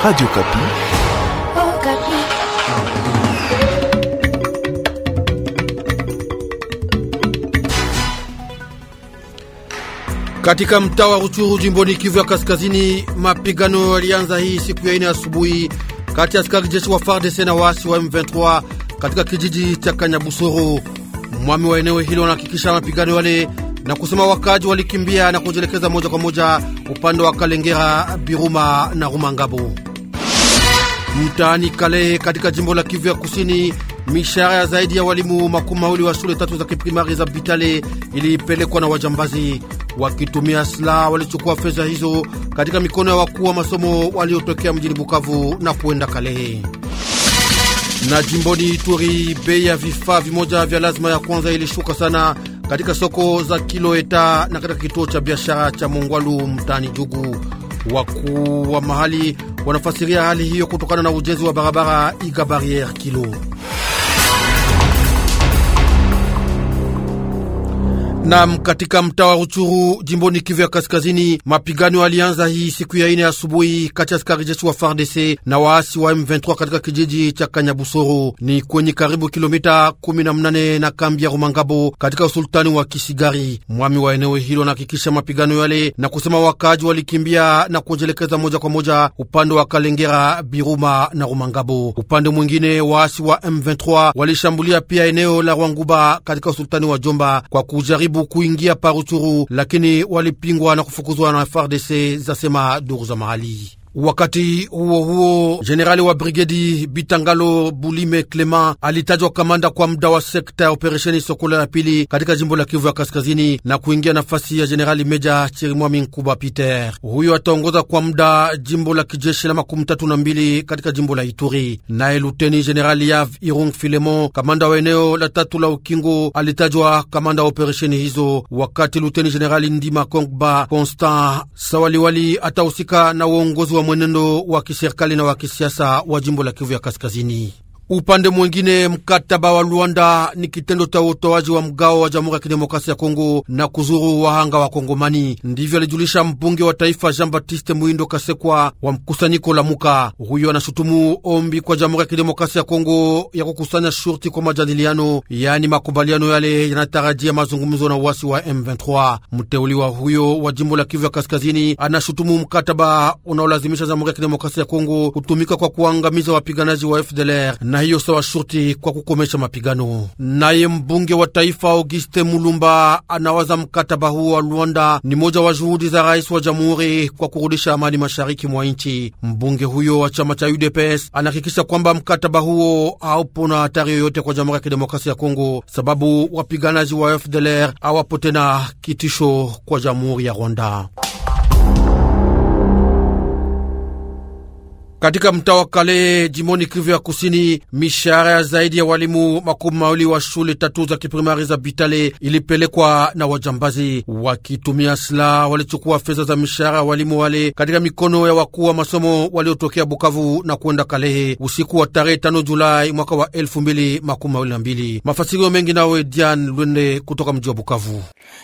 Radio Kapi. Oh, Kapi. Katika mtaa wa Ruchuru jimboni Kivu ya Kaskazini, mapigano yalianza hii siku ya ine asubuhi kati ya askari jeshi wa FARDC na waasi wa M23 katika kijiji cha Kanyabusoro. Mwami wa eneo hilo wanahakikisha mapigano yale na kusema wakaji walikimbia na kujielekeza moja kwa moja upande wa Kalengera, Biruma na Rumangabo. Mtaani Kale katika jimbo la Kivu ya Kusini, mishahara ya zaidi ya walimu makumi mawili wa shule tatu za kiprimari za Bitale ilipelekwa na wajambazi wakitumia silaha. Walichukua fedha hizo katika mikono ya wakuu wa masomo waliotokea mjini Bukavu na kuenda Kalehe. Na jimboni Ituri, bei ya vifaa vimoja vya lazima ya kwanza ilishuka sana katika soko za Kiloeta na katika kituo cha biashara cha Mongwalu mtaani Jugu. Wakuu wa mahali wanafasiria hali hiyo kutokana na ujenzi wa barabara Iga Barriere Kilo. Nam, katika mtaa wa Ruchuru jimboni Kivu ya Kaskazini, mapigano yalianza hii siku ya ine asubuhi kati ya askari jeshi wa FARDC na waasi wa M23 katika kijiji cha Kanyabusoro ni kwenye karibu kilomita 18 na kambi ya Rumangabo katika usultani wa Kisigari. Mwami wa eneo hilo anahakikisha mapigano yale na kusema wakaaji walikimbia na kujelekeza moja kwa moja upande wa Kalengera, Biruma na Rumangabo. Upande mwingine, waasi wa M23 walishambulia pia eneo la Rwanguba katika usultani wa Jomba kwa kujaribu kujaribu kuingia Paruchuru, lakini walipingwa na kufukuzwa na FARDC, zasema duru za mahali. Wakati huo huo, jenerali wa brigedi Bitangalo Bulime Clement alitajwa kamanda kwa muda wa sekta ya operesheni Sokola ya pili katika jimbo la Kivu ya kaskazini na kuingia nafasi ya jenerali meja Chirimwami Nkuba Peter. Huyo ataongoza kwa muda jimbo la kijeshi la makumi tatu na mbili katika jimbo la Ituri. Naye luteni jenerali Yav Irung Filemon, kamanda wa eneo la tatu la ukingo, alitajwa kamanda wa operesheni hizo, wakati luteni jenerali Ndima Kongba Constant Sawaliwali atahusika na uongozi wa mwenendo wa kiserikali na wa kisiasa wa jimbo la Kivu ya Kaskazini. Upande mwingine, mkataba wa Luanda ni kitendo cha utoaji wa mgao wa Jamhuri ya Kidemokrasia ya Kongo na kuzuru wahanga wa Kongomani. Ndivyo alijulisha mbunge wa taifa Jean Baptiste Mwindo Kasekwa wa mkusanyiko la Muka. Huyo anashutumu ombi kwa Jamhuri ya Kidemokrasia ya Kongo ya kukusanya shurti kwa majadiliano, yaani makubaliano yale yanatarajia mazungumzo na uasi wa M23. Mteuliwa huyo wa jimbo la Kivu ya Kaskazini anashutumu mkataba unaolazimisha Jamhuri ya Kidemokrasia ya Kongo kutumika kwa kuangamiza wapiganaji wa FDLR na na hiyo sawa shurti kwa kukomesha mapigano. Naye mbunge wa taifa Auguste Mulumba anawaza mkataba huo wa Luanda ni moja wa juhudi za rais wa jamhuri kwa kurudisha amani mashariki mwa nchi. Mbunge huyo wa chama cha UDPS anahakikisha kwamba mkataba huo haupo na hatari yoyote kwa Jamhuri ya Kidemokrasia ya Kongo, sababu wapiganaji wa FDLR hawapo tena kitisho kwa jamhuri ya Rwanda. Katika mtaa wa Kale jimoni Kivu ya Kusini, mishahara ya zaidi ya walimu makumi mawili wa shule tatu za kiprimari za Bitale ilipelekwa na wajambazi wakitumia silaha. Walichukua fedha za mishahara ya walimu wale katika mikono ya wakuu wa masomo waliotokea Bukavu na kwenda Kalehe usiku wa tarehe 5 Julai mwaka wa 2022. Mafasirio mengi nawe Dian Lwende kutoka mji wa Bukavu.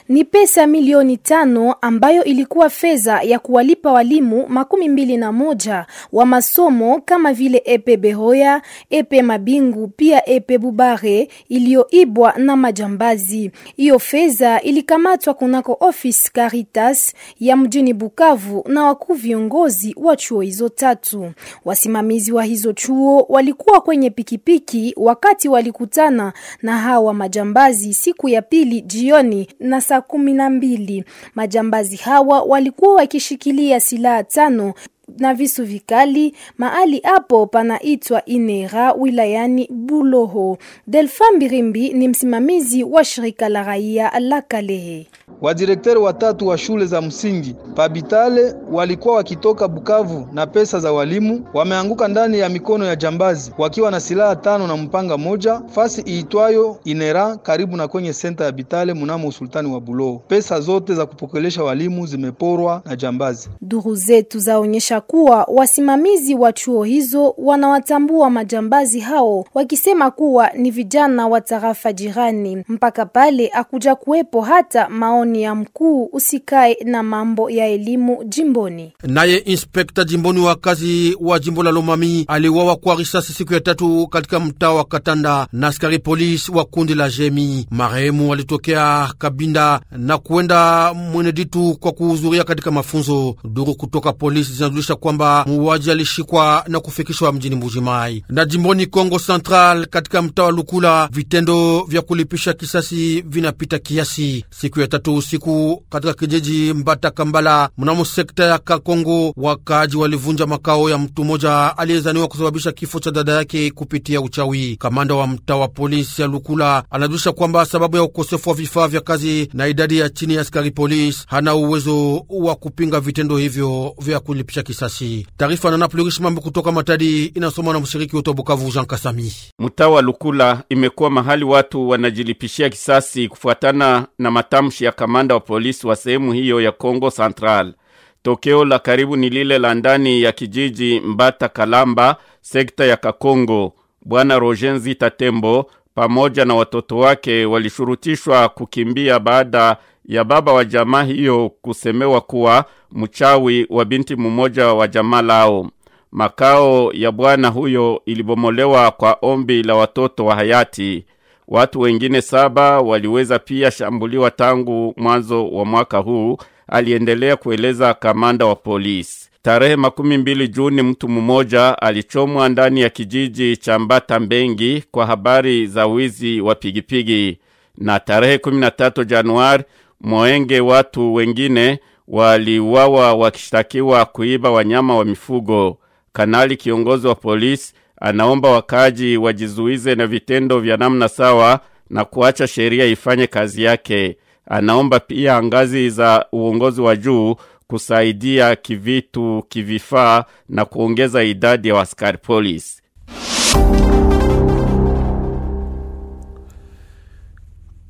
Ni pesa milioni tano ambayo ilikuwa fedha ya kuwalipa walimu makumi mbili na moja wa masomo kama vile epe Behoya, epe Mabingu, pia epe Bubare iliyoibwa na majambazi. Hiyo fedha ilikamatwa kunako office Caritas ya mjini Bukavu na wakuu viongozi wa chuo hizo tatu. Wasimamizi wa hizo chuo walikuwa kwenye pikipiki wakati walikutana na hawa majambazi siku ya pili jioni na saa kumi na mbili. Majambazi hawa walikuwa wakishikilia silaha tano na visu vikali. Mahali hapo panaitwa Inera wilayani Buloho. Delfa Mbirimbi ni msimamizi wa shirika la raia la Kalehe. Wadirekteri watatu wa shule za msingi Pabitale walikuwa wakitoka Bukavu na pesa za walimu, wameanguka ndani ya mikono ya jambazi wakiwa na silaha tano na mpanga moja fasi iitwayo Inera karibu na kwenye senta ya Bitale mnamo usultani wa Buloho. Pesa zote za kupokelesha walimu zimeporwa na jambazi. Duru zetu zaonyesha wanaonyesha kuwa wasimamizi wa chuo hizo wanawatambua majambazi hao wakisema kuwa ni vijana wa tarafa jirani. Mpaka pale akuja kuwepo hata maoni ya mkuu usikae na mambo ya elimu jimboni. Naye inspekta jimboni wa kazi wa jimbo la Lomami aliwawa kwa risasi siku ya tatu katika mtaa wa Katanda na askari polisi wa kundi la Jemi. Marehemu alitokea Kabinda na kuenda Mweneditu kwa kuhudhuria katika mafunzo. Duru kutoka polisi zinajulisha kujulisha kwamba muuaji alishikwa na kufikishwa mjini Mbujimai. Na jimboni Kongo Central, katika mtaa wa Lukula, vitendo vya kulipisha kisasi vinapita kiasi. Siku ya tatu usiku, katika kijiji Mbata Kambala mnamo sekta ya Kakongo, wakaaji walivunja makao ya mtu mmoja aliyezaniwa kusababisha kifo cha dada yake kupitia uchawi. Kamanda wa mtaa wa polisi ya Lukula anajulisha kwamba sababu ya ukosefu wa vifaa vya kazi na idadi ya chini ya askari polisi hana uwezo wa kupinga vitendo hivyo vya kulipisha kisasi risasi. Taarifa na Naplurish Mambo kutoka Matadi inasomwa na mshiriki wetu wa Bukavu, Jean Kasami. Mtaa wa Lukula imekuwa mahali watu wanajilipishia kisasi kufuatana na matamshi ya kamanda wa polisi wa sehemu hiyo ya congo Central. Tokeo la karibu ni lile la ndani ya kijiji Mbata Kalamba, sekta ya Kakongo. Bwana Rogenzi Tatembo, pamoja na watoto wake walishurutishwa kukimbia baada ya baba wa jamaa hiyo kusemewa kuwa mchawi wa binti mmoja wa jamaa lao. Makao ya bwana huyo ilibomolewa kwa ombi la watoto wa hayati. Watu wengine saba waliweza pia shambuliwa tangu mwanzo wa mwaka huu, aliendelea kueleza kamanda wa polisi. Tarehe makumi mbili Juni mtu mmoja alichomwa ndani ya kijiji cha Mbata Mbengi kwa habari za wizi wa pigipigi, na tarehe 13 Januari Mwenge, watu wengine waliuawa wakishtakiwa kuiba wanyama wa mifugo. Kanali kiongozi wa polisi anaomba wakaji wajizuize na vitendo vya namna sawa na kuacha sheria ifanye kazi yake. Anaomba pia ngazi za uongozi wa juu kusaidia kivitu, kivifaa na kuongeza idadi ya askari polisi.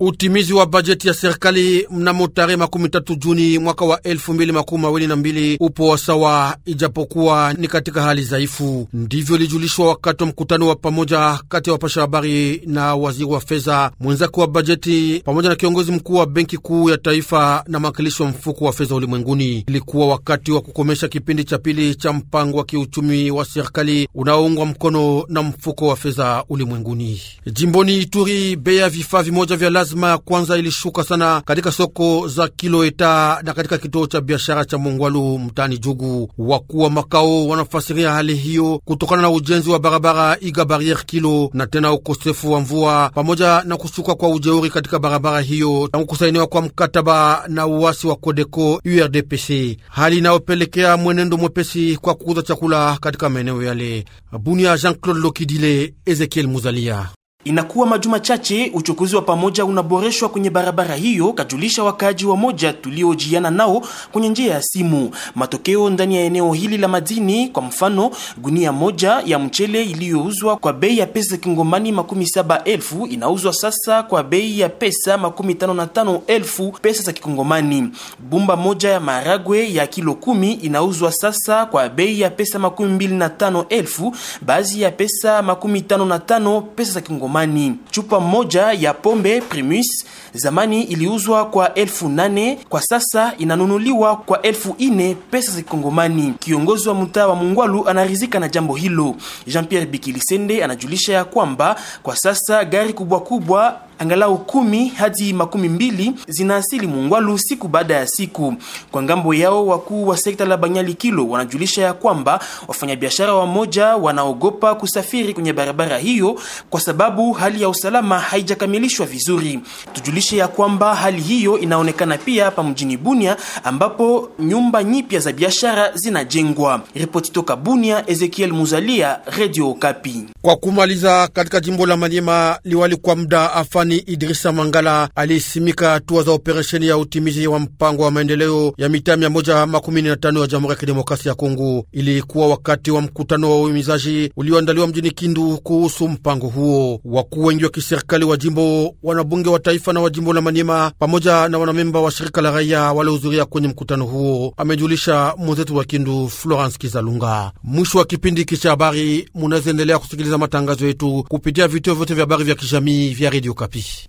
Utimizi wa bajeti ya serikali mnamo tarehe makumi tatu Juni mwaka wa elfu mbili makumi mawili na mbili upo wa sawa, ijapokuwa ni katika hali dhaifu. Ndivyo ilijulishwa wakati wa mkutano wa pamoja kati ya wapasha habari na waziri wa fedha mwenzake wa bajeti pamoja na kiongozi mkuu wa benki kuu ya taifa na mwakilishi wa mfuko wa fedha ulimwenguni. Ilikuwa wakati wa kukomesha kipindi cha pili cha mpango wa kiuchumi wa serikali unaoungwa mkono na mfuko wa fedha ulimwenguni. Jimboni Ituri, bei ya vifaa vimoja vya plasma ya kwanza ilishuka sana katika soko za Kiloeta na katika kituo cha biashara cha Mungwalu mtaani Jugu. Wakuu wa makao wanafasiria hali hiyo kutokana na ujenzi wa barabara Iga Barriere Kilo na tena ukosefu wa mvua pamoja na kushuka kwa ujeuri katika barabara hiyo tangu kusainiwa kwa mkataba na uasi wa Kodeko URDPC, hali inayopelekea mwenendo mwepesi kwa kuuza chakula katika maeneo yale. Bunia, Jean-Claude Lokidile, Ezekiel Muzalia. Inakuwa majuma chache uchukuzi wa pamoja unaboreshwa kwenye barabara hiyo, kajulisha wakaaji wa moja tuliojiana nao kwenye njia ya simu. Matokeo ndani ya eneo hili la madini, kwa mfano, gunia moja ya mchele iliyouzwa kwa bei ya pesa kingomani makumi saba elfu inauzwa sasa kwa bei ya pesa makumi tano na tano elfu pesa za kikongomani. Bumba moja ya maharagwe ya kilo kumi inauzwa sasa kwa bei ya pesa makumi mbili na tano elfu baadhi ya pesa makumi tano na tano pesa za kingomani zamani. Chupa moja ya pombe Primus zamani iliuzwa kwa elfu nane kwa sasa inanunuliwa kwa elfu ine pesa za Kikongomani. Kiongozi wa mtaa wa Mungwalu anarizika na jambo hilo. Jean Pierre Bikilisende anajulisha ya kwamba kwa sasa gari kubwa kubwa angalau kumi hadi makumi mbili zinaasili Mungwalu siku baada ya siku. Kwa ngambo yao, wakuu wa sekta la Banyali Kilo wanajulisha ya kwamba wafanyabiashara wamoja wanaogopa kusafiri kwenye barabara hiyo kwa sababu hali ya usalama haijakamilishwa vizuri. Tujulishe ya kwamba hali hiyo inaonekana pia hapa mjini Bunia ambapo nyumba nyipya za biashara zinajengwa. Ripoti toka Bunia, Ezekiel Muzalia, Radio Kapi. Kwa kumaliza, katika jimbo la Manyema liwali kwa muda afani zamani Idrisa Mangala alisimika hatua za operesheni ya utimizi wa mpango wa maendeleo ya mitaa mia moja makumi na tano ya Jamhuri ya Kidemokrasia ya Kongo. Ilikuwa wakati wa mkutano wa uhimizaji ulioandaliwa mjini Kindu kuhusu mpango huo. Wakuu wengi wa kiserikali wa jimbo, wanabunge wa taifa na wa jimbo la manyema pamoja na wanamemba wa shirika la raia waliohudhuria kwenye mkutano huo, amejulisha mwenzetu wa Kindu Florence Kizalunga. Mwisho wa kipindi hiki cha habari, kusikiliza matangazo yetu kupitia vituo vyote vya habari vya kijamii vya Radio Kapi. Oui.